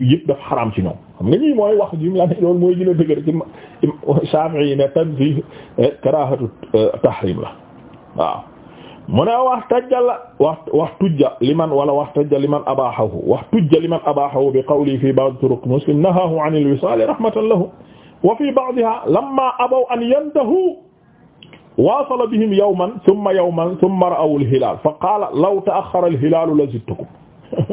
yëpp daf xaraam ci ñoom xam nga ñii mooy wax jim la ne loolu mooy gën a dëgër ci Shafi'i yi ne tanzih karahatu eh, tahrim la waaw mu ne wax tajja la wax wax tujja liman wala wax tajja liman abahahu wax tujja liman abahahu bi qawli fi ba'd turuq muslim nahahu an al-wisal rahmatan lahu wa fi ba'diha lamma abaw an yantahu wasala bihim yawman thumma yawman thumma ra'aw al-hilal fa qala law ta'akhkhara al-hilal la zidtukum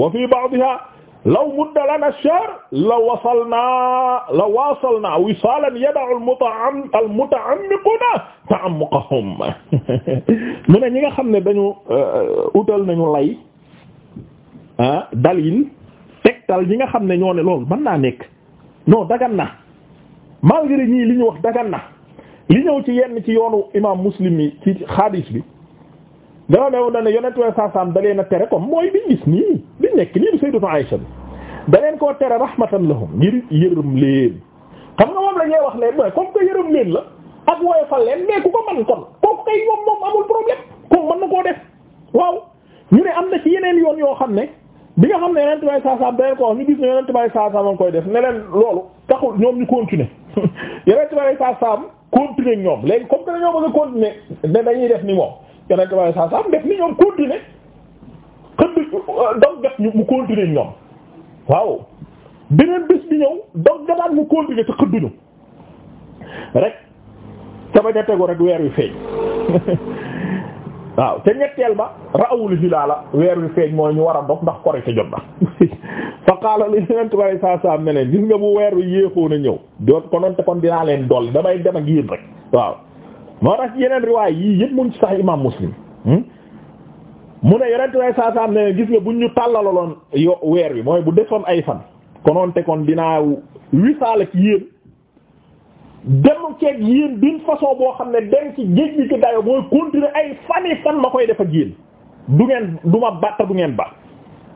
wa fi ba'diha law mudda lana shahr la wasalnaa la wasalnaa wisaalan yad'u al-muta'am al ñi nga xam ne dañu euh, utal nañu lay ah dalil tegtal ñi nga xam ne ñoo ne loolu man naa nekk non dagan na malgré ñii li ñu wax dagan na li ñëw ci yenn ci yoonu imaam muslim yi ci xaadis bi. dama ne woon na ne yonent way saasaam dalee na tere comme mooy biñ gis nii biñ nekk nii bi Sayyidatu Aïcha bi da leen koo tere rahmatan lahum ngir yërëm leen xam nga moom la ñuy wax leen mooy comme que yërëm leen la ak woyofal leen mais ku ko mën kon kooku kay moom moom amul problème kooku mën na koo def waaw ñu ne am na ci yeneen yoon yoo xam ne bi nga xam ne yeneen tubaab saa saa am da leen ko wax ñu gis ne yeneen tubaab saa saa am koy def ne leen loolu taxul ñoom ñu continuer yeneen tubaab saa ñoom léegi comme que dañoo bëgg a continuer ne dañuy def ni moom yeneen tubaab saa saa am def ni ñoom continuer xëy na donc def ñu mu continuer ñoom. waaw beneen bés bi ñëw donc gannaaw mu continuer te xëdduñu rek te ba tegu rek weer wi feeñ waaw te ñetteel ba ra'awul hilaala weer wi feeñ mooy ñu war a dog ndax korite jot na fa qaala li yonent bi sallallahu nga bu weer wi yéexoo na ñëw doon konoon kon dinaa leen dolli damay dem ak yéen rek waaw moo tax yeneen riwaay yii yëpp mu ngi ci Sahih Muslim hmm? mu ne yonent way saasaam ne gis nga buñ ñu tàllalaloon yo weer bi mooy bu desoon ay fan konoon te kon dinaa wisaal ak yéen dem ceeg yéen d'une façon boo xam ne dem ci géej gi ci dayo mooy continuer ay fani fan ma koy def ak yéen du ngeen du ma batta du ngeen ba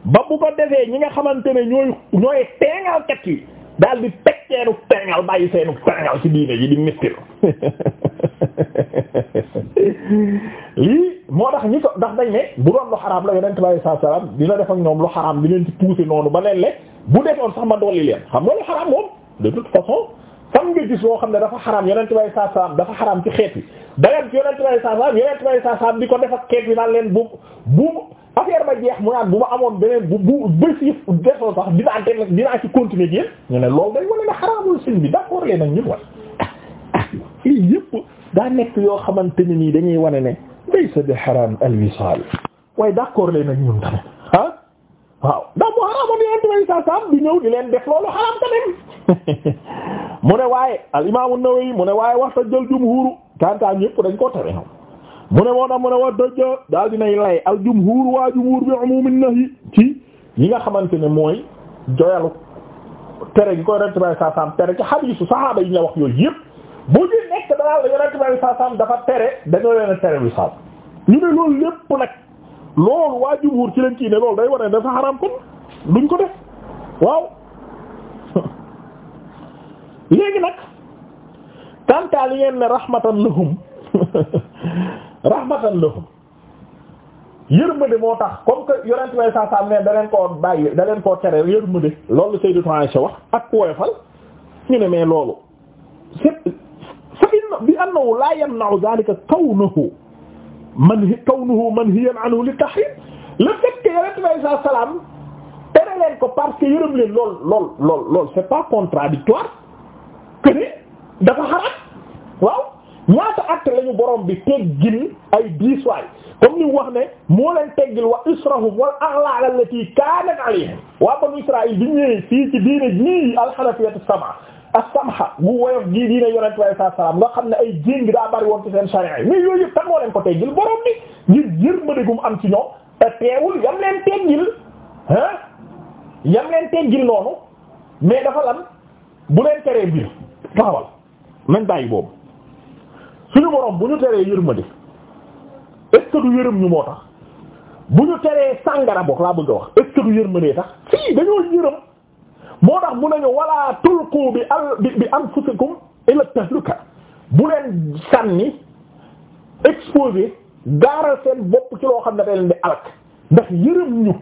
ba bu ko defee ñi nga xamante ne ñooy ñooy teengalkat yi daal di teg seenu perngal bàyyi seenu perngal ci diine ji di mistil lii moo tax ñi ko ndax dañ ne bu doon lu xaraam la yonent bi sallallahu alayhi wasallam dina def ak ñoom lu xaraam di leen ci pousser noonu ba leen le bu defoon sax ma dolli leen xam nga lu xaraam moom de toute façon fan nga gis loo xam ne dafa xaraam yonent bi sallallahu alayhi dafa xaraam ci xeet yi da leen yonent bi sallallahu alayhi wasallam yonent bi di ko def ak xeet yi leen bu bu affaire ba jeex mu naan bu ma amoon beneen bu bu bés desoo sax dinaa teel dinaa ci continuer yéen ñu ne loolu day wane ne xaraamul sin bi d'accord leen ak ñun wax lii yëpp daa nekk yoo xamante ne nii dañuy wane ne laysa bi xaraam alwisal waaye d'accord leen ak ñun tamit ah waaw ndax mu xaraamoon yonent bi sallallahu alayhi ñëw di leen def loolu xaraam tamit mu ne waaye al imaamu Nawawi mu ne waaye waxta jël jumhuuru kantaan ñëpp dañ koo tere mu ne moo a mu ne wa dëjj daal dinay lay al jumhuur waa jumhuur bi umumin nahyi ci yi nga xamante ne mooy joyalu tere gi koy rent bay saasaam tere ci hadiisu sahaaba yi ñu wax yooyu yëpp bu ñu nekk dafa tere dañoo leen tere bi saam ñu ne loolu lépp nag loolu waa jumhuur ci leen kii ne loolu day war ne dafa xaraam kon duñ ko def waaw léegi nag tantaal yi ngeen rahmatan lahum yërmande moo tax comme que yonent way saa saa ne da leen koo bàyyi da leen koo tere yërmande loolu Sayyidatu Aisha wax ak woyofal ñu ne mais loolu c'est fa inna bi annahu la yamna'u dhalika kawnuhu man kawnuhu manhiyan anhu li tahrim le fait que yonent way saa salaam tere leen ko parce que yërëm leen lool lool lool lool c'est pas contradictoire que dafa xaraat waaw ñaata acte lañu borom bi teggil ay diiswaay comme ni wax ne moo leen teggil wa israhum wal aghlal allati kanat alayhim waa banu israil bi ñëwee fii ci diine nii alxanafiyatu sama a samha gu woyof gii diine yonent bi alayhi salaam nga xam ne ay jéng bi daa bari woon ci seen charia yi mais yooyu yëpp moo leen ko teggil borom bi ngir yërmande gu mu am ci ñoom te teewul yam leen teggil ah yam leen teggil noonu mais dafa lan bu leen teree biir taxawal nañ bàyyi boobu suñu borom bu ñu teree yërmande est ce que tax bu ñu teree sàngara boog laa bëgg a wax est ce tax fii dañoo yërëm moo tax mu nañu wala tulqu bi al bi anfusikum ila bu leen sànni exposé gaaral seen bopp ci loo xam ne day leen di alak ndax yërëm ñu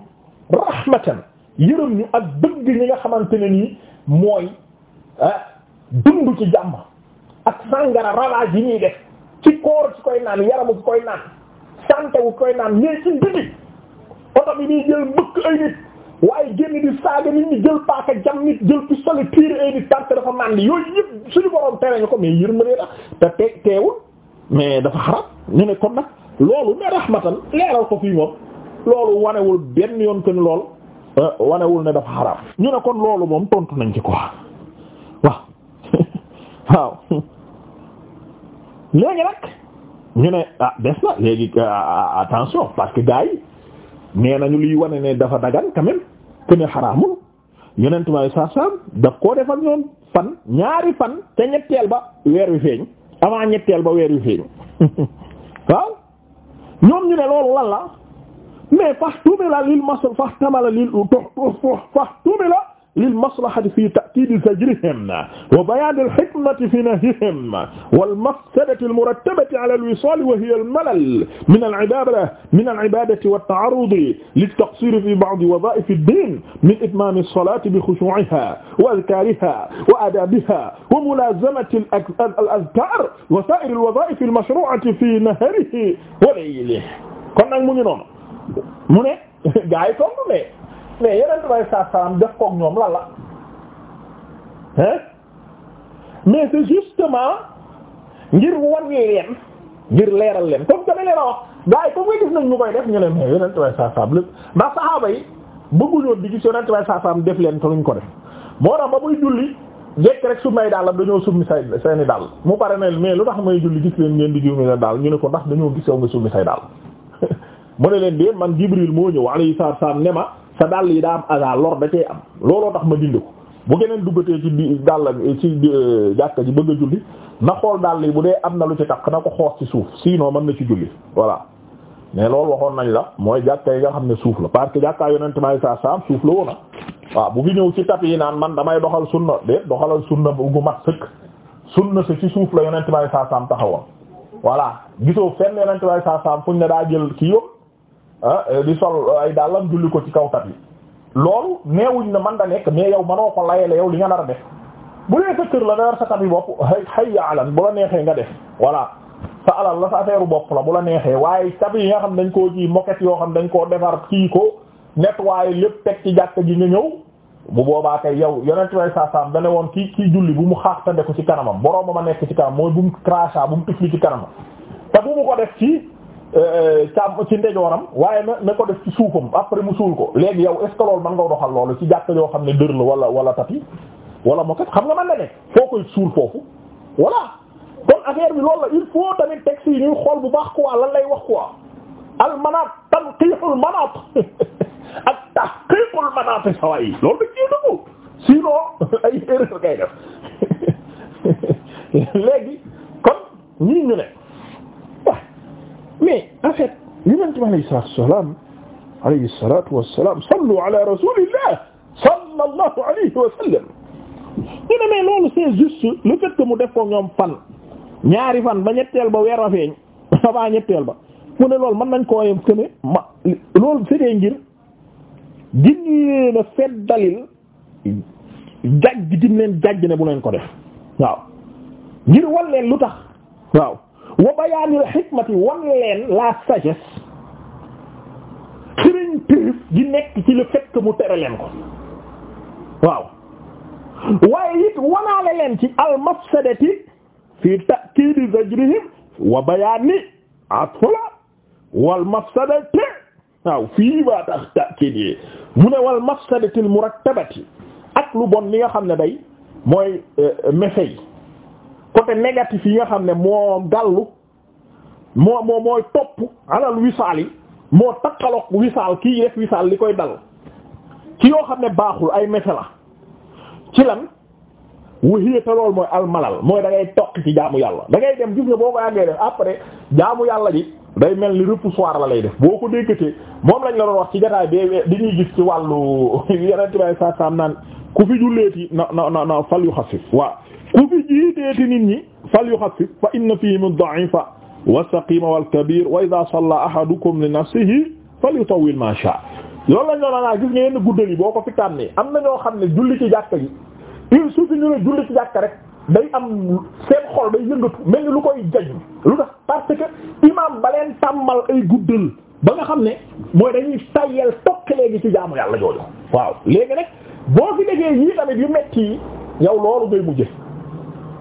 rahmatan yërëm ñu ak bëgg ñi nga xamante ne nii mooy ah dund ci jàmm. ak sangara ravage yi ñuy de ci koor ci koy naan yaramu ci koy naan santé wu koy naan mais ci biti oto bi nii jël mbëkk ay nit waaye génn di saaga nit ñi jël paaka jam nit jël pistolet tiir ay nit parce dafa màndi yooyu yëpp suñu borom tere ñu ko mais yërmande la te te teewul mais dafa xaram ñu ne kon nag loolu ne rahmatan leeral ko fii moom loolu wanewul benn yoon que ni lool euh, wanewul ne dafa xaram ñu ne kon loolu moom tontu nañ ci quoi waaw waaw. léegi nag ñu ne ah des na léegi euh, euh, attention parce que gars yi nee nañu liy wane ne dafa dagan quand même que ne xaraamul yonent may saa saam daf koo defal ñoom fan ñaari fan te ñetteel ba weer wi feeñ avant ñetteel ba weer wi feeñ waaw ñoom ñu ne loolu lan la mais fax tuumi la lil masol fax tamala lil u tox fax tuumi la lil maslahati fi ta'kid fajrihim wa bayan al hikmati fi nahyihim wal mafsadati al murattabati ala al wisal wa hiya al malal min al ibada min al ibadati wat ta'arrud lit taqsir fi ba'd wadha'if ad din min itmam as salati bi khushu'iha wa adhkariha wa adabiha wa mulazamati al adhkar wa sa'ir al wadha'if al mashru'ati fi naharihi wa laylihi kon nag mu ngi noonu mu ne gaay tontu ne mais yeneen bay saa salaam def kook ñoom lan la hein mais c'est justement ngir wan leen ngir leeral leen comme dama leen a wax gars nga ñu koy def ñu ne mais yeneen bay saa salaam lépp ndax saxaaba yi bëgguñoon di gis yeneen bay saa salaam def leen te luñ ko def moo tax ba muy julli jekk rek su may la dañoo summi say seeni daal mu pare ne mais lu tax may julli gis leen ngeen di jiw mi daal ñu ne ko ndax dañoo gis yow nga summi say daal mu ne leen de man Jibril moo ñëw alayhi salaam ne ma. sa dàll yi daa am aza lor da cee am looloo tax ma dindi ko bu geneen duggatee ci bi dàll ci euh, jàkka ji bëgg a julli na xool dàll yi bu dee am na lu ci takk na ko xoos ci suuf sinon mën na ci julli voilà mais loolu waxoon nañ la mooy jàkka yi nga xam ne suuf la parce que jàkkaa yonent may sa saam suuf la woona waaw bu fi ñëw ci tap yi naan man damay doxal sunna déet doxalal sunna bu mat sëkk sunna si ci suuf la yonent may sa saam taxawoon voilà gisoo fenn yonent may sa saam fuñ ne daa jël Ah, eh, di sol eh, ay dàllam julli ko ci kaw tat yi loolu neewuñ na man da nekk mais yow manoo ko layele yow li nga nar def bu dee sa kër la nga war sa tat yi bopp hayya alan bu la neexee nga def voilà sa alal la sa affaire bopp la bu la neexee waaye tab yi nga xam dañ koo ji moquette yoo xam dañ koo defar kii ko nettoyer lépp teg ci jàkk gi nga ñëw bu boobaa kay yow yonent sa saa saam dane woon kii kii julli bu mu xaax tande ci kanamam boroomam ma nekk ci kanam mooy bu mu crachat bu mu tifli ci kanamam te càmm ci ndejooram waaye na na ko def ci suufam après mu suul ko léegi yow est ce que nga doxal loolu ci jàkk yoo xam ne dër la wala wala tapi wala moo kat xam nga mën na nekk foo koy suul foofu voilà kon affaire bi loolu la il faut tamit texte yi ñuy xool bu baax quoi lan lay wax quoi al manaat tanqiixul manaat ak tahqiiqul manaat yi loolu ay erreur kay def léegi kon ñii ñu ne mais en fait yonent bi alayhi salaatu wassalaam alayhi salaatu wassalaam sallu ala rasulillah sallallahu alayhi wa sallam ñu ne mais loolu c'est juste le fait que mu def ko ñoom fan ñaari fan ba ñetteel ba weer a feeñ ba ñetteel ba mu ne loolu mën nañ koo yem que ne ma loolu fedee ngir ginneena fed dalil jajj dim leen jajj ne bu leen ko def waaw ngir wal leen lu tax waaw wa bayaanil xikmati wan leen la sagesse xiriñ nekk ci le fait que mu tere leen ko waaw waaye it wanaale leen ci al mafsadati fi ta'kiidi zajrihim wa bayaani atfula wal waaw fii ba tax ta'kiid yi mu ne wal mafsadati al murattabati ak lu bon li nga xam ne day mooy euh, méfay côté négatif yi nga xam ne moo gàllu moo moo mooy topp alal wisaal yi moo takkaloog wisaal kii def wisaal li koy dal ci yoo xam ne baaxul ay méfe la ci lan wahiyata lool mooy almalal mooy dangay ngay toq ci jaamu yàlla da ngay dem gis nga boo ko yàggee def après jaamu yàlla ji day mel ni repoussoir la lay def boo ko déggatee moom lañ la doon wax ci jotaay bi dañuy gis ci wàllu yeneen tubaab yi sax naan ku fi julleeti na na na fal yu xasif ku fi jiiteeti nit ñi fal yuxaffif fa inna fihim ad-da'ifa was-saqima wal li ma sha'a loolu lañ doon boo ko fi tànnee am na ñoo xam ne julli ci jàkka yi il suffit ñu ne julli ci rek day am seen xol day yëngatu mel lu koy jañ lu tax parce que imam ba leen tàmmal ay guddal ba nga xam ne mooy dañuy tayyel tokk léegi ci jaamu yàlla jooju waaw léegi nag boo fi déggee yii tamit yu metti yi yow loolu ngay mujje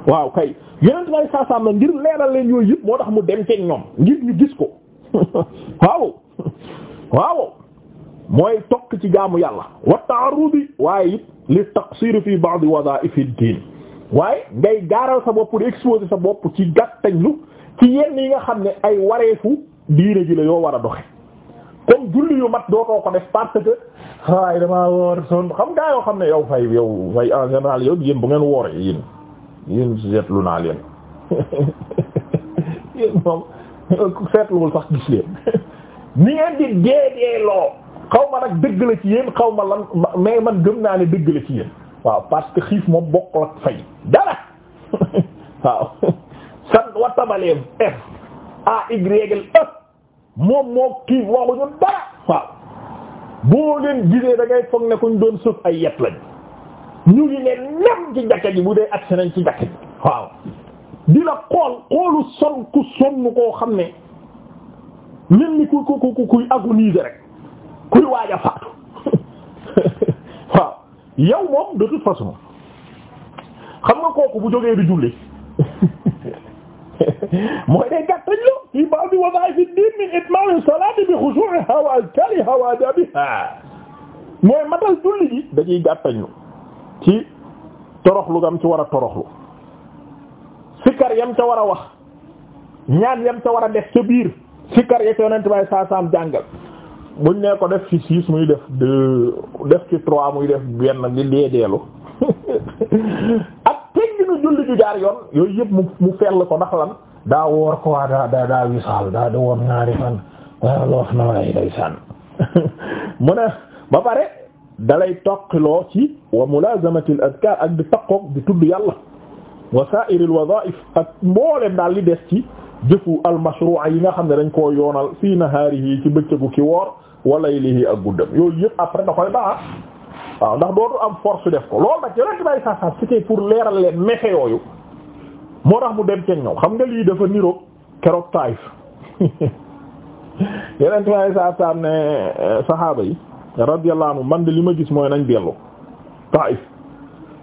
waaw kay yeneen may saasaam la ngir leeral leen yooyu yëpp moo tax mu dem ceeg ñoom ngir ñu gis ko waaw waaw mooy tokk ci jaamu yàlla wa ta'arudi waaye it li taqsir fi ba'd wada'if ad-din waaye ngay gaaral sa bopp di exposer sa bopp ci gàttañlu ci yenn yi nga xam ne ay wareefu diine ji la yoo war a doxe comme julli yu mat dootoo ko def parte que waaye damaa woor son xam ngaa yoo xam ne yow fay yow fay en général yow yéen bu ngeen wooree yéen yéen seetlu naa leen yéen moom seetluwul sax gis leen ni ngeen di deedeeloo xaw ma nag dëgg la ci yéen xaw ma lan mais man gëm naa ne dëgg la ci yéen parce que xiif moom bokkul ak fay dara waaw san watabalee f a ygrégl ëp e. moom moo xiif waxuñu dara waaw boo leen gisee da ngay foog ne kuñ doon sëf ay yet lañ ñu ngi leen nem ci jàkka ji bu dee agsi nañ ci jàkka ji waaw di la xool xoolu son ku sonn koo xam ne mel ni ku ku ku kuy agoniser rek kuy waaj faatu waaw yow moom de toute façon xam nga kooku bu jógee di julli mooy day gàttañ lo fii baax bi wasaay fi diin min itmaami salaati bi xushu'iha wa azkaariha wa adabiha mooy matal julli gi dañuy gàttañ lu ci toroxlu gam ci war a toroxlu sikkar yam ca war a wax ñaan yam ca war a def ca biir sikkar ya ca yonent bay saam jàngal buñ ne ko def ci six muy def deux def ci trois muy def benn di dee deelu ak tegginu julli ju jaar yoon yooyu yëpp mu mu fell ko ndax lan daa woor ko waa daa daa daa wisaal daa di woor ñaari fan waaw loof na mu ne ba pare dalay toqiloo ci wa mulazamati al adkar ak di taqoog di tudd yàlla wa sa'ir ak mbooleem daal li des ci jëfu al mashru'a yi nga xam ne dañ koo yoonal fii nahaarihi ci bëccëgu ki woor wa laylihi ak guddam yooyu yëpp après da koy baax waaw ndax dootu am force def ko loolu nag yonent bay sasam c'était pour leeral leen mexe yooyu moo tax mu dem ceen ñoom xam nga lii dafa niroog keroog Taayif yonent bay sasam ne euh, saxaaba yi radiyallahu anhu man de li ma gis mooy nañ dellu Taif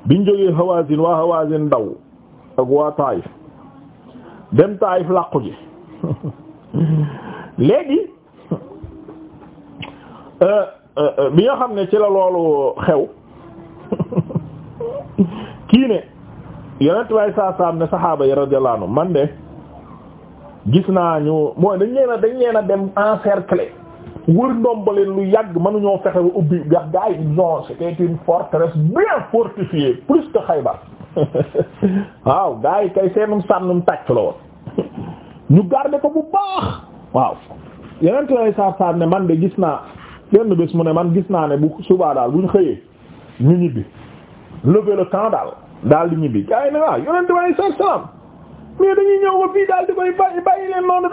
biñ jógee Hawazin waa Hawazin daw ak waa Taif dem Taif làqu ji léegi euh, euh, bi nga xam ne ci la loolu xew kii ne yonent way saa saam ne saxaaba yi radiyallahu man de gis naa ñu mooy dañ leen a dañ leen a dem encercler wër ndombaleen lu yàgg mënuñoo fexe ba ubbi ndax gars yi non c'était une forteresse bien fortifiée plus que Xaybar waaw gars yi kay seenum sànnum tàcc la woon ñu garder ko bu baax waaw yeneen lay saar ne man de gis naa benn bés mu ne man gis naa ne bu subaa daal bu ñu xëyee ñu ñibbi lever le camp daal daal di ñibbi gars yi ne waaw yeneen lay saar saam dañuy ñëw ba fii daal di koy bàyyi bàyyi leen noonu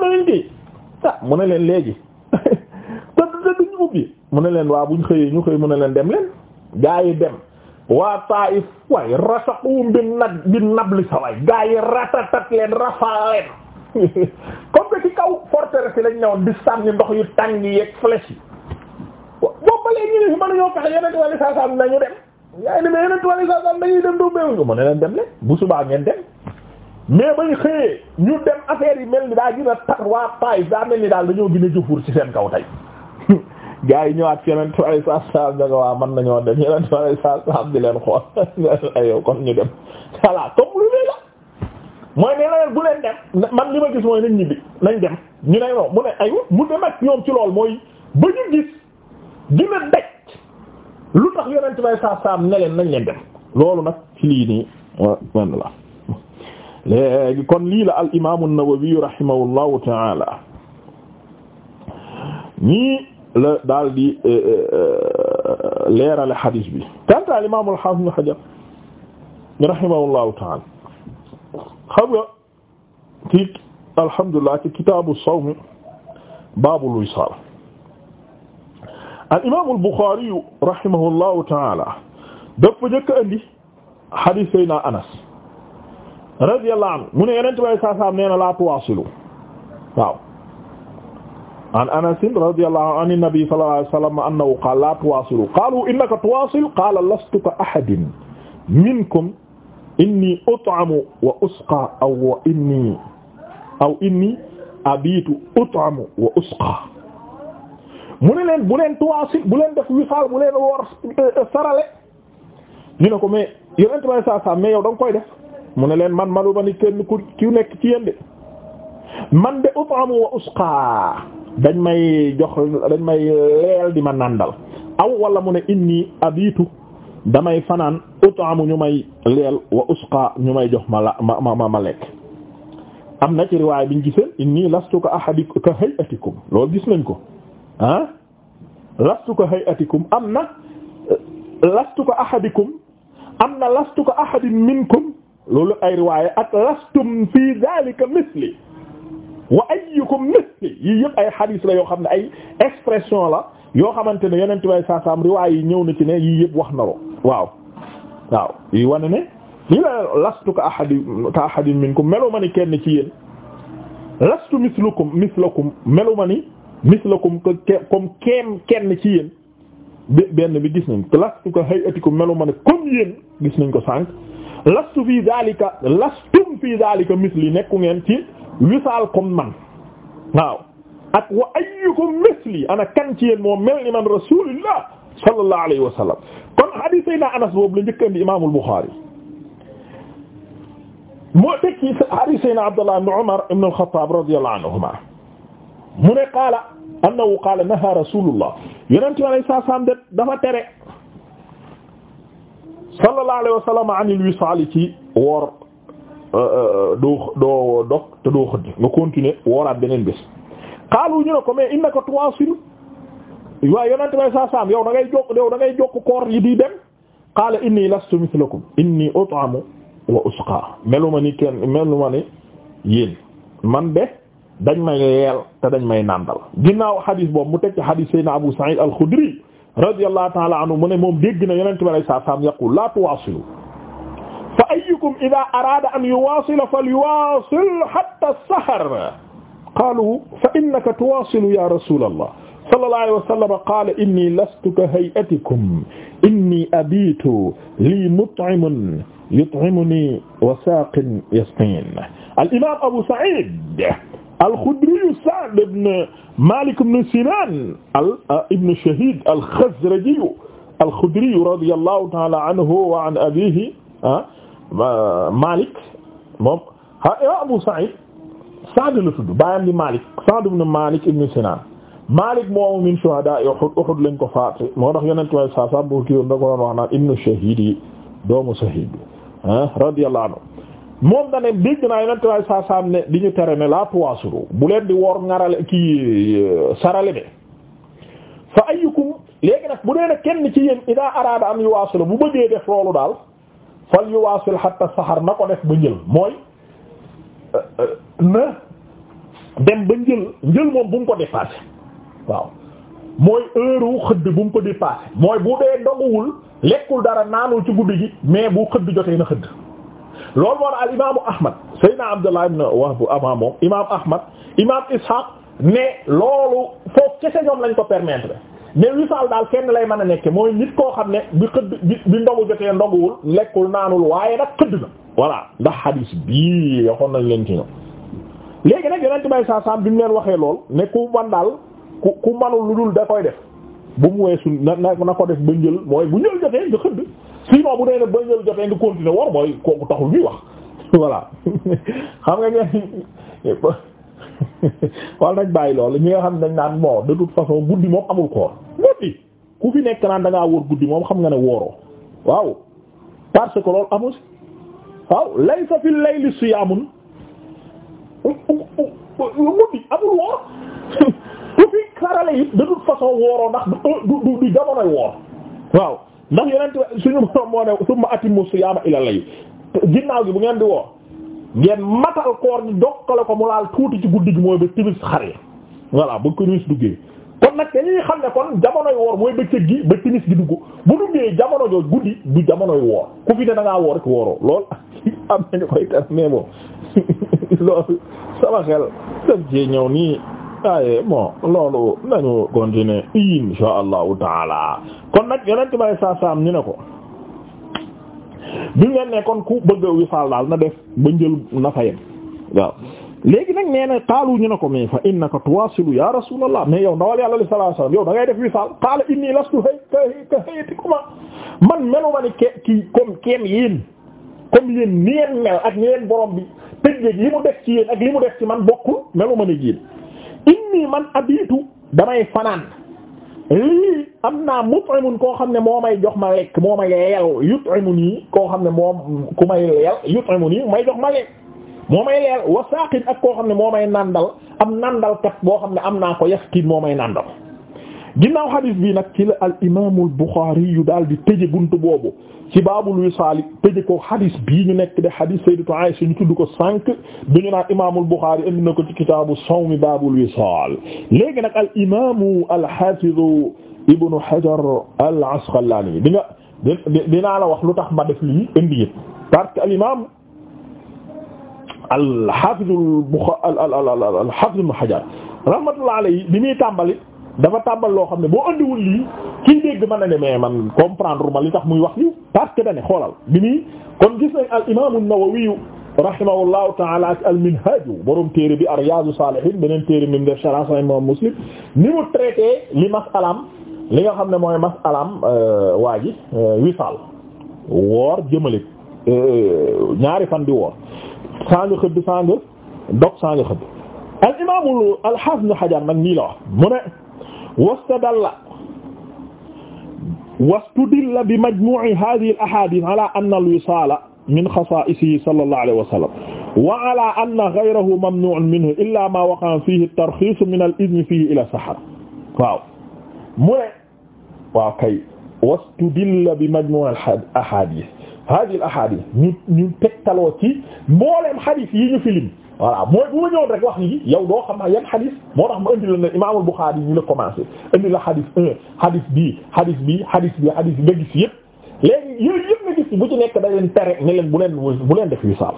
ah, ne leen léegi. ngeen ubbee mu ne leen waa buñ xëyee ñu xëy mu a leen dem leen gaa yi dem waa Taif waay rasaqum bi nag bi nabli saway gaa yi ratatat leen rafaa comme que ci kaw forteresse yi lañ newoon di ni ndox yu tàng yeeg flèche yi boobu ba léegi ñu ne fi mën nañoo dem yaa ngi ne yeneen wàllu saa saa nañuy dem doo béyoon mu ne leen dem leen bu subaa ngeen dem mais bañ xëyee ñu dem affaire yi mel ni daa gën a tar waa Taif daa mel ni daal dañoo gën a jëfur ci seen kaw tay gaa yi ñëwaat ci yeneen tubaab yi saa saa ne waa mën nañoo dem yeneen tubaab yi saa saa di leen xool aywa kon ñu dem voilà comme lu la mooy nee na leen bu leen dem man li ma gis mooy nañ ñibbi nañ dem ñu ne non mu ne mu dem ak ñoom ci lool mooy ba ñu gis dina daj lu tax yeneen tubaab yi saa saa leen nañ leen dem loolu nag ci lii nii waaw man la léegi kon lii la al imaamu Nawawi rahimahullahu ta'ala ñii. la daal di eh, eh, eh, leerale xadiis bi kanta al imaam al-Haafiz Ibn Hajar rahimahullahu ta'ala xam nga ci alhamdulillah ci kitaabu sawmi baabul wisaal al imaam al-Buxaari rahimahullahu ta'ala dafa njëkk a indi xadiis Seydina Anas radiyallahu anhu mu ne Yonent bi sallallahu alayhi wa sallam nee na laa tuwaasilu waaw an Anas radiyallahu anhu an-nabi sallallahu alayhi wa sallam annahu qaala laa tuwaasilu qaalu innaka tuwaasil qaala lastu ka ahadin minkum inni ut'amu wa usqa aw wa inni aw inni abiitu ut'amu wa usqa mu ne leen bu leen tuwaasil bu leen def wisaal bu leen woor eh, sarale ñu ne ko mais yonent bi saa saa mais yow da nga koy def mu ne leen man manu ba ni kenn ku nekk ci yéen de man de ut'amu wa usqa dañ may jox dañ may leel di ma nàndal aw wala mu ne inni abitu damay fanaan utaamu ñu may leel wa usqa ñu may jox ma ma lekk am na ci riwaay biñ giseen inni lastu ka ahadikum ka hayatikum loolu gis nañ ko ah lastu ka hayatikum am na lastu ka ahadikum am na lastu ka ahadin minkum loolu ay riwaay ak lastum fi zalika misli wa ayyukum mithli yii yëpp ay hadith la yoo xam ne ay expression la yoo xamante ne yeneen tubay saa saam riwaay yi ñëw na ci ne yii yëpp wax na loo waaw waaw yi wane ne lii la lastu ka ahadi ka ahadin minkum melu ma ni kenn ci yéen lastu mislukum mislakum melu ma ni mislakum comme keem kenn ci yéen benn bi gis nañ ko lastu ka hayatikum melu ma ni comme yéen gis nañ ko sànq lastu fii daalika lastum fii daalika misli nekku ngeen ci wisaal comme man waaw ak wa ayyukum misli ana kan ci yéen moo mel ni man rasulullah sallallahu alayhi wa sallam kon hadith sayna anas boobu la njëkk andi imaamul Bukhari moo teg ci hadith sayna Abdullah ibn Umar ibn al-Khattab radiyallahu anhuma mu ne qaala annahu qaala naha rasulullah yonente alayhi salaam de dafa tere sallallahu alayhi wa sallam an al-wisaal ci woor Euh, euh, doo doo dog te doo nga continuer wooraat beneen bés xaalu ñu ne ko mais innaka tuwasil waaye saam yow da ngay jokk yow da ngay jokk koor yi di dem qaala inni lastu mithlakum inni ut'amu wa usqa ma ni kenn meluma ni yéen man de dañ may yeel te dañ may nàndal ginnaaw xadis boobu mu teg ci xadis sayyidina Abu Sa'id al-Khudri radiyallahu ta'ala anhu mu ne moom dégg na yonente bay saa saam yaqul la tuwasilu fa ayyukum idha arada an yuwasila falyuwasil hatta as-sahar qaalu fa innaka tuwasilu ya rasulallah sallallahu alayhi wa sallam qaala inni lastu ka hay'atikum inni abitu lii mut'imun yut'imuni wa saaqin yasqin al-imam Abu Sa'id al-Khudri Sa'd ibn Malik ibn Sinan uh, ibn Shahid al-Khazraji al-Khudri radiyallahu ta'ala anhu wa an abihi ah, Malik moom ah yow Abu Sa'id Sa'd la tudd baayam di Malik Sa'd ibn Malik ibn Sinan Malik moomu min shuhada'i Uhud Uhud lañ ko faat moo tax Yonent bi saa saa bu kiiwoon da ko doon wax naan ibnu shahid yi doomu shahid ah ne dégg naa Yonent bi di ñu tere ne bu leen di woor ngarale ki sarale de fa ayyukum léegi nag bu dee ne kenn ci yéen ida araada am yuwaasulu bu bëggee def loolu daal. fal yuwaasil hatta saxar na ko def ba njël mooy euh, euh, na dem ba njël njël moom bu mu ko dépassé waaw mooy heure xëdd bu mu ko dépassé mooy bu dee doguwul lekkul dara naanul ci guddi gi mais bu xëdd jotee na xëdd loolu war al imaamu ahmad saydna abdullah ibn wahb avant moom imam ahmad imam ishaq ne loolu foofu kese ñoom lañ ko permettre mais wisaal daal kenn lay mën a nekke mooy nit koo xam ne bi xëdd bi bi ndogu jotee ndoguwul lekkul naanul waaye nag xëdd na voilà ndax hadis bii waxoon nañ leen ci ñoom léegi nag yonent bay saa saam bi leen waxee lool ne ku man daal ku ku manul lu dul da koy def bu mu weesu na na ko def ba njël mooy bu njël jotee nga xëdd sinon bu dee ne ba njël jotee nga continuer war mooy kooku taxul ñuy wax voilà xam nga ñeen waaw nañ bàyyi loolu ñu nga xam ne dañ naan bon de façon guddi moom amul koor guddi ku fi nekk naan da ngaa guddi moom xam nga ne wóoroo waaw parce que loolu amul waaw laysa fil layli siyaamun guddi amul woor ku fi xarale it de toute façon wóoroo ndax du du jamonoy woor waaw ndax yeneen suñu borom moo ne summa atimmu siyaama ila layl ginnaaw gi bu ngeen di woor ngeen matal koor ñi doqale ko mu laal tuuti ci guddi gi mooy ba timis xare voilà ba timis duggee kon nag dañuy xam ne kon jamonoy woor mooy bëccëg gi ba timis gi dugg bu duggee jamono jooju guddi du jamonoy woor ku fi ne da ngaa woor rek wooroo lool am nañu koy ter mais bon loolu sama xel daf cee ñëw nii waaye bon loolu nañu continuer insha allahu taala kon nag yeneen tubaab yi saa saa am ñu ne ko. bi ngeen ne kon ku bëgg a wisaal daal na def ba njël na fa yem waaw léegi nag nee na xaalu ñu ne ko mais fa innaka tuwasilu ya rasulallah mais yow ndawal yàlla sallallahu alayhi wasallam yow da ngay def wisaal qaala inni lastu ka hayatikuma man melu ma ni ke ki comme kenn yéen comme yéen ni ngeen mel ak ni ngeen borom bi tëjgéeg li mu def ci yéen ak li mu def ci man bokkul melu ma ni yéen inni man abitu damay fanaan am naa mut'imun koo xam ne moo may jox ma lekk moo may leel yut'imuni koo xam ne moom ku may leel yut'imuni may jox ma lekk moo may leel wa saqin ak koo xam ne moo may nàndal am nàndalkat boo xam ne am naa ko yasqin moo may nàndal ginnaaw xadis bi nag ci la al imaamul Buxaari yu daal di tëje buntu boobu ci baabul wisaali tëje ko xadis bii ñu nekk de xadis sayyidatu Aysa ñu tudd ko sànq bi ñu naan imaamul Buxaari indi na ko ci kitaabu sawmi baabul wisaal léegi nag al imaamu al xaafidu ibnu Hajar al Asqalaani bi di nga dinaa la wax lu tax ma def lii indi yëpp parce que al imaam al xaafidu al Buxaari al al al al xaafidu ibnu Hajar rahmatullahi alayhi bi muy tàmbali. dafa tàmbal loo xam ne boo andiwul lii kiy dégg mën man ne mais man comprendre ma li tax muy wax lii parce que dane xoolal bi ni kon gis nañ al imam an-Nawawi rahimahullahu taala al-Minhaj borom téere bi ar-Riyadus Salihin beneen téere mi def sharh Sahih Imam Muslim ni mu traité li mas'alaam li nga xam ne mooy mas'alaam euh, waa ji euh, wisaal woor jëmale euh, ñaari fan di woor saa nga xëdd saa nga al imam al-Hafiz Hajar nag nii la wastadalla wastudilla bi majmu'i hadhihi al ahadith ala anna al wisala min xasaa'isihi sallallahu alayhi wa sallam wa ala anna ghayrahu mamnu'un minhu illa ma waqa'a fihi at-tarkhis min al-idhn fihi ila sahar waaw mu ne waaw kay wastudilla bi majmu'i al-ahadith hadhihi al-ahadith ñu ñu tegtaloo ci mbooleem hadith yi ñu filim voilà mooy bu ma ñëwoon rek wax ni yow doo xam yan xadis moo tax ma indi la ne imaamul Buxaari ñu la commencé indi la xadis un xadis bii xadis bii xadis bii xadis bi nga gis yëpp léegi yooyu yëpp nga gis bu ci nekk da leen tere ne leen bu leen bu leen def wisaal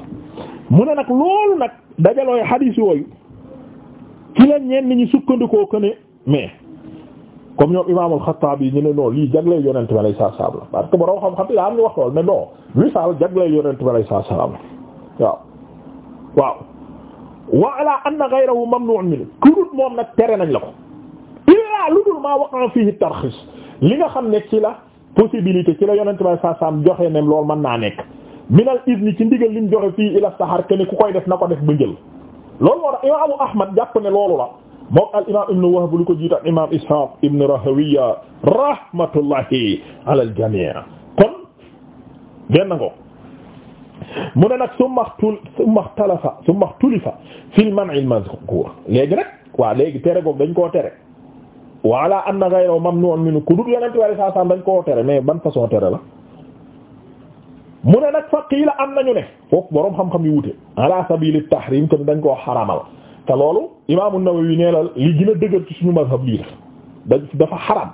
mu ne nag loolu nag dajalooy xadis yooyu ci la ñenn ñi sukkandikoo ko ne mais comme ñoom imaamul Xattaabi ñu ne non lii jagleel yonent bi alayhi salaam la parce que borom xam-xam bi daa am ñu wax lool mais non wisaal jagleel yonent bi alayhi salaam la waaw waaw. wa ala anna ghayrahu ma min kurut moom nag tere nañ la ko illaa lu dul maa waqa fihi tarxis li nga xam ne ci la possibilité ci la yonente bay saa saam joxe ne loolu mën naa nekk minal izni ci ndigal liñ joxe fii ila sahar ke ne ku koy def na ko def ba njël loolu moo tax imaamu ahmad jàpp ne loolu la moom al imam ibnu wahb lu ko jiit ak imam ishaq ibnu rahawiya rahmatullahi ala al jami' kon benn ngo mu ne nag summaxtul summaxtalafa summaxtulifa fil man'il mazkur léegi nag waaw léegi tere googu dañ koo tere wala anna ghayru mamnu'un minhu ku dut yonent ware saa sam dañ koo tere mais ban façon tere la mu ne nag fa qiila am nañu ne foofu boroom xam-xam yu wute ala sabili tahrim kon dañ koo xaramal te loolu imaamu Nawawi nee la li gën a dëgër ci suñu mazhab lii dafa xaram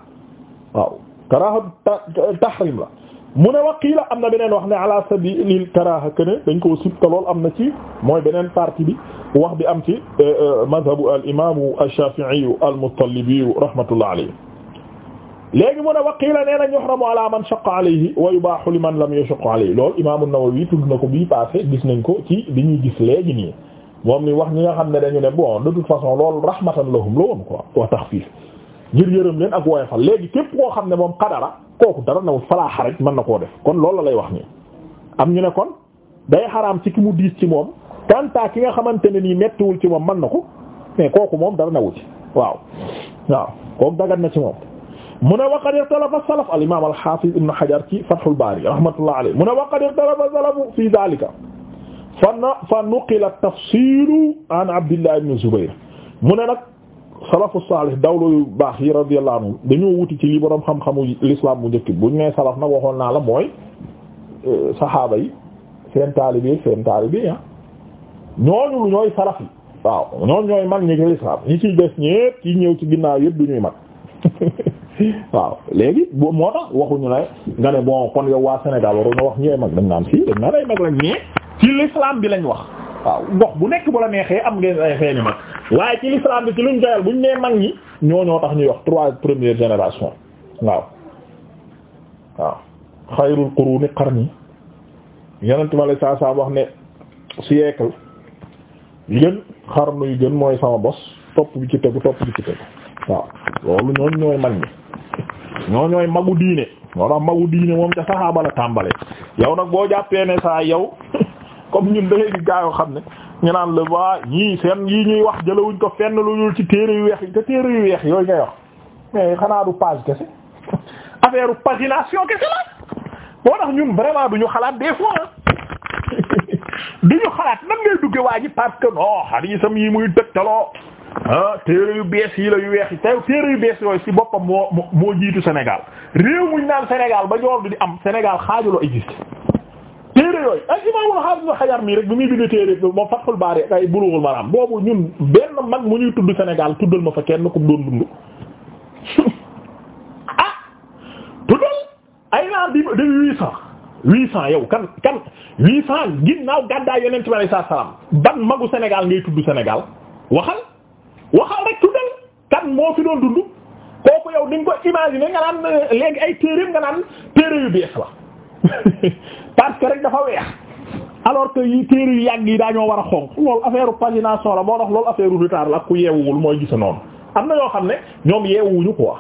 waaw karaahatu tahrim la mu ne waqiila am na beneen wax ne ala sabilil karaha kene dañ koo sib te lool am na ci mooy beneen partie bi wax bi am ci euh, euh, madhabu al imamu ash-shafi'i al-muttalibi rahmatullah alayhi léegi mu ne waqiila nee na yuhramu ala man shaqqa alayhi wa yubahu liman lam yashaq alayhi loolu imaamu Nawawi tudd na ko bii passé gis nañ ko ci bi ñuy gis léegi nii moom ni wax ñi nga xam ne dañu ne bon de toute façon loolu rahmatan lahum la woon quoi wa takhfif ngir yërëm leen ak woyofal léegi képp koo xam ne moom xadara kooku dara nawut falaa xaraj mën na koo def kon loolu la lay wax nii am ñu ne kon day xaraam ci ki mu diis ci moom tanta ki nga xamante ne nii mettiwul ci moom mën na ko mais kooku moom dara nawu ci waaw waaw kooku na ci moom mu ne waqad ixtalafa salaf al imam al hafiz ibn hajar ci fathul bari rahmatullah alayhi wax ne waqad ixtalafa salafu fi dhalika fa nuqila tafsilu an abdullah ibn zubayr mu ne nag salafu saalih dawlu yu baax yi radiyallahu anhu dañoo wuti ci li borom xam-xamu l'islam bu njëkk buñ nee salaf nag waxoon naa la mooy euh, saxaaba yi seen taalibe seen taalibe ah ñooñu ñooy salaf yi waaw ñooñu ñooy ñi ci l'islam ñi ciy des ñépp ci ñëw ci ginnaaw yépp du ñuy mag waaw léegi boo moo tax waxuñu la nga ne bon kon yow waa Sénégal waruñu wax ñooy mag dañ naan fii dañ naan ay mag lañ ñee ci l'islam bi lañ wax. waaw gox bu nekk bu la neexee am ngeen ay xeeni mag waaye ci l'islam bi ci luñ joyal ñoo ñoo tax ñuy wax trois première génération waaw waaw xayrul quruni qarni yenent ma la saa saa wax ne siècle yi gën xarnu yu gën mooy sama bos topp bi ci tegu topp bi ci tegu waaw loolu ñooñ ñooy mag ñi ñoo ñooy magu diine ñoo tax magu diine moom ca saxaaba la tàmbale yow nag boo jàppee ne saa yow comme ñun da ngay gaa yoo xam ne ñu naan la waa ñii seen yii ñuy wax jëlawuñ ko fenn lu ñuy ci téere yu weex yi te téere yu weex yooyu ngay wax mais xanaa du page kese affaire pagination kese moo tax ñun vraiment du ñu xalaat des fois du ñu xalaat nan ngay dugge waa ji parce que non xadiisam yi muy tëgtaloo ah téere yu bees yi la yu weex yi te téere yu bees yooyu si boppam moo moo jiitu Sénégal réew muñ naan Sénégal ba ñor du di am Sénégal xaajuloo existe téere yooyu ay imaamul xaafis ibn Hajar mii rek bi muy bind téere bi ma fa kenn ku doon dund ah, yow kan kan huit cent ginnaaw gàddaay Yonent bi alayhi salaam ban magu Sénégal nga naan eh, léegi ay téere nga naan téere yu bees la parce que rek dafa weex alors que yi téere yu yàgg yi daañoo war a xonq loolu affaire pagination la moo tax loolu affaire retard la ak ku yeewuwul mooy gisa noonu am na yoo xam ne ñoom yeewuñu quoi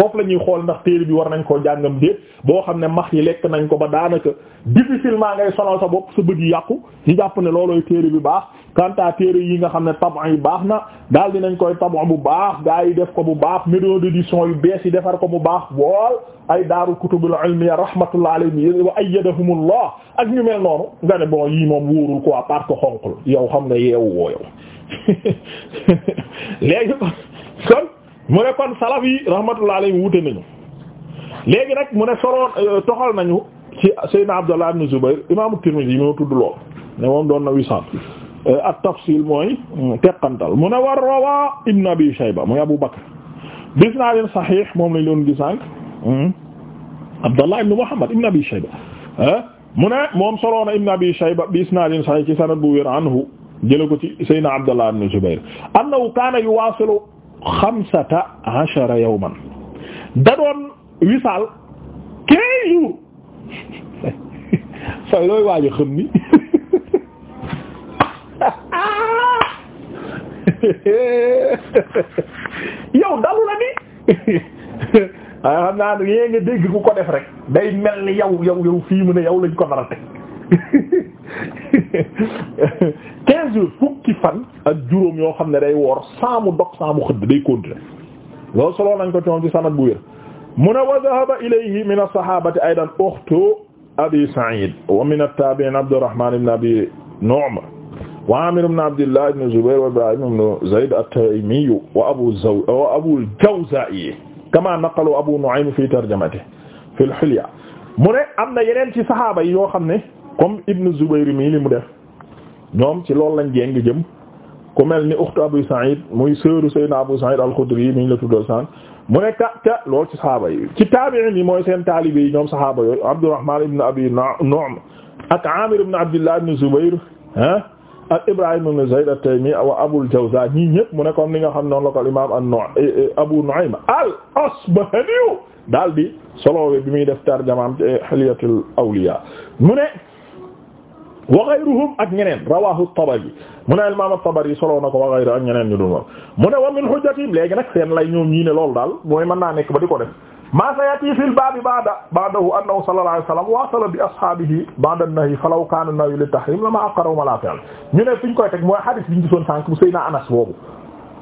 foofu la ñuy xool ndax téere bi war nañ koo jàngam déet boo xam ne max yi lekk nañ ko ba daanaka difficilement ngay sonal sa bopp sa bët yi yàqu ñu jàpp ne loolooy téere bi baax quant téere yi nga xam ne taban yi baax na daal dinañ koy taban bu baax gaa yi def ko bu baax maison dison yu bees yi defar ko bu baax bool ay daaru kutubul ilmiya rahmatullah alayhi wa ayyadahumullah ak ñu mel noonu nga ne bon yii moom wóorul ko parce que xonqul yow xam nga yeewu woo yow mu ne kon salaf yi rahmatullah alayhi wute nañu léegi nag mu ne soroon euh, toxal nañu si Seydina Abdallah ibn Zubayr imaamu Tirmidhi yi moo tudd lool ne moom doon na wisant euh, at tafsil mooy euh, teqantal mu ne war rawa ibn Abi Shayba muy Abu Bakr bis naa leen sahih moom lañ doon gisànq hmm? Abdallah ibn Muhammad ibn Abi Shayba mu ne moom soroon na ibn Abi Shayba bi isnaadin sahih ci sanad bu wér anhu jële ko ci Seydina Abdallah ibn Zubayr annahu kaana yuwaasilu xamsata ashara yawman da doon wisaal quinze jours say looy waajo xam ni yow dalu la ni a xam naa yée nga dégg ku ko def rek day mel ni yow yow yow fii mu ne yow lañ ko nar teg quinze jours fukki fan ak juróom yoo xam ne day woor saamu dog saamu xëdd day continuer loolu solo nañ ko coom ci sanad bu wér mu ne wa dhahaba ilayhi min as-sahabati aydan ukhtu abi sa'id wa min at-tabi'in abdurrahman ibn abi nu'man wa amir ibn abdullah ibn zubair wa ibrahim ibn zayd at-taymi wa abu zaw wa abu al-jawza'i kama naqalu abu nu'aym fi tarjamatihi fi al-hilya mu ne am na yeneen ci saxaaba yi yoo xam ne comme Ibn Zubayr mii li mu def ñoom ci loolu lañ jéng jëm ku mel ni uxtu Abu Sa'id muy sœuru Seydina Abu Sa'id al mi ñu la tuddal san mu ne ka ka loolu ci sahaaba yi ci taabi'in yi mooy seen taalibe yi ñoom sahaaba yooyu Abdurrahman ibn Abi Nu'm ak Amir ibn Abdillah ibn Zubayr ah ak Ibrahim ibn Zayd at-Taymi wa Abul Jawza ñii ñëpp mu ne comme nga xam noonu la ko imaam eh, eh, al-Asbahani daal di solowe bi muy def tarjamaam ci Hilyatul Awliya mu ne wa ghayruhum ak ñeneen rawahu at-Tabari mu ne al-imam at-Tabari soloo na ko wa ghayru ak ñeneen ñu dul wax mu ne wa min hujjatihim léegi nag seen lay ñoom ñii ne loolu daal mooy mën naa nekk ba di ko def ma sayati fil baabi ba'da ba'dahu annahu sallallahu alayhi wa sallam wasala bi ashaabihi ba'da an-nahyi falaw kaana an-nahyu lit-tahrim lama aqarrahum ala fi'l ñu ne fiñ koy teg mooy hadith biñ gisoon sànk bu Seydina Anas boobu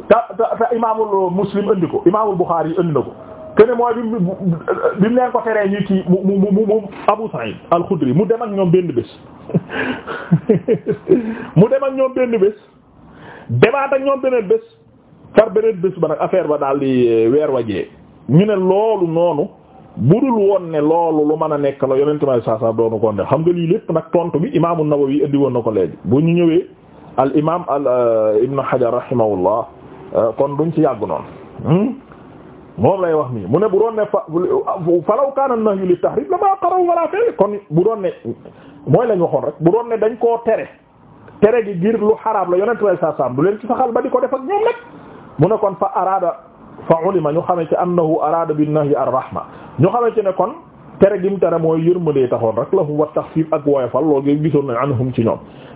te te te imaamul Muslim indi ko imaamul Bukhari indi na ko kene mooy bi mu bi mu leen ko teree ñu kii mu mu mu mu Abu Sa'id al-Khudri mu dem ak ñoom benn bés mu dem ak ñoom benn bés demaat ak ñoom beneen bés far beneen bés ba nag affaire ba daal di eh, weer wajee ñu ne loolu noonu budul woon ne loolu lu mën a nekk la yonent may saa saa doonu ko ne xam nga lii lépp nag tontu bi imaamu Nawawi indi woon na ko léegi bu ñu ñëwee al imaam eh, al ibnu Hajar rahimahullah eh, kon duñ ci yàgg noonu. Hmm? moom lay wax mii mu ne bu doon ne fa falaw a nahyu li tahrim la ma qaraw wala fee kon bu doon ne mooy lañ waxoon rek bu doon ne dañ koo tere tere gi ngir lu xaraam la yonent way sa sam du leen ci saxal ba di ko def ak ñoom nag mu ne kon fa araada fa ulima ñu xamee ci annahu araada bin nahyi ar-rahma ñu xamee ci ne kon tere gi mu tere mooy yërmandee taxoon rek lahum wa tax taxfiif ak woyofal loolu nga gisoon nañ anhum ci ñoom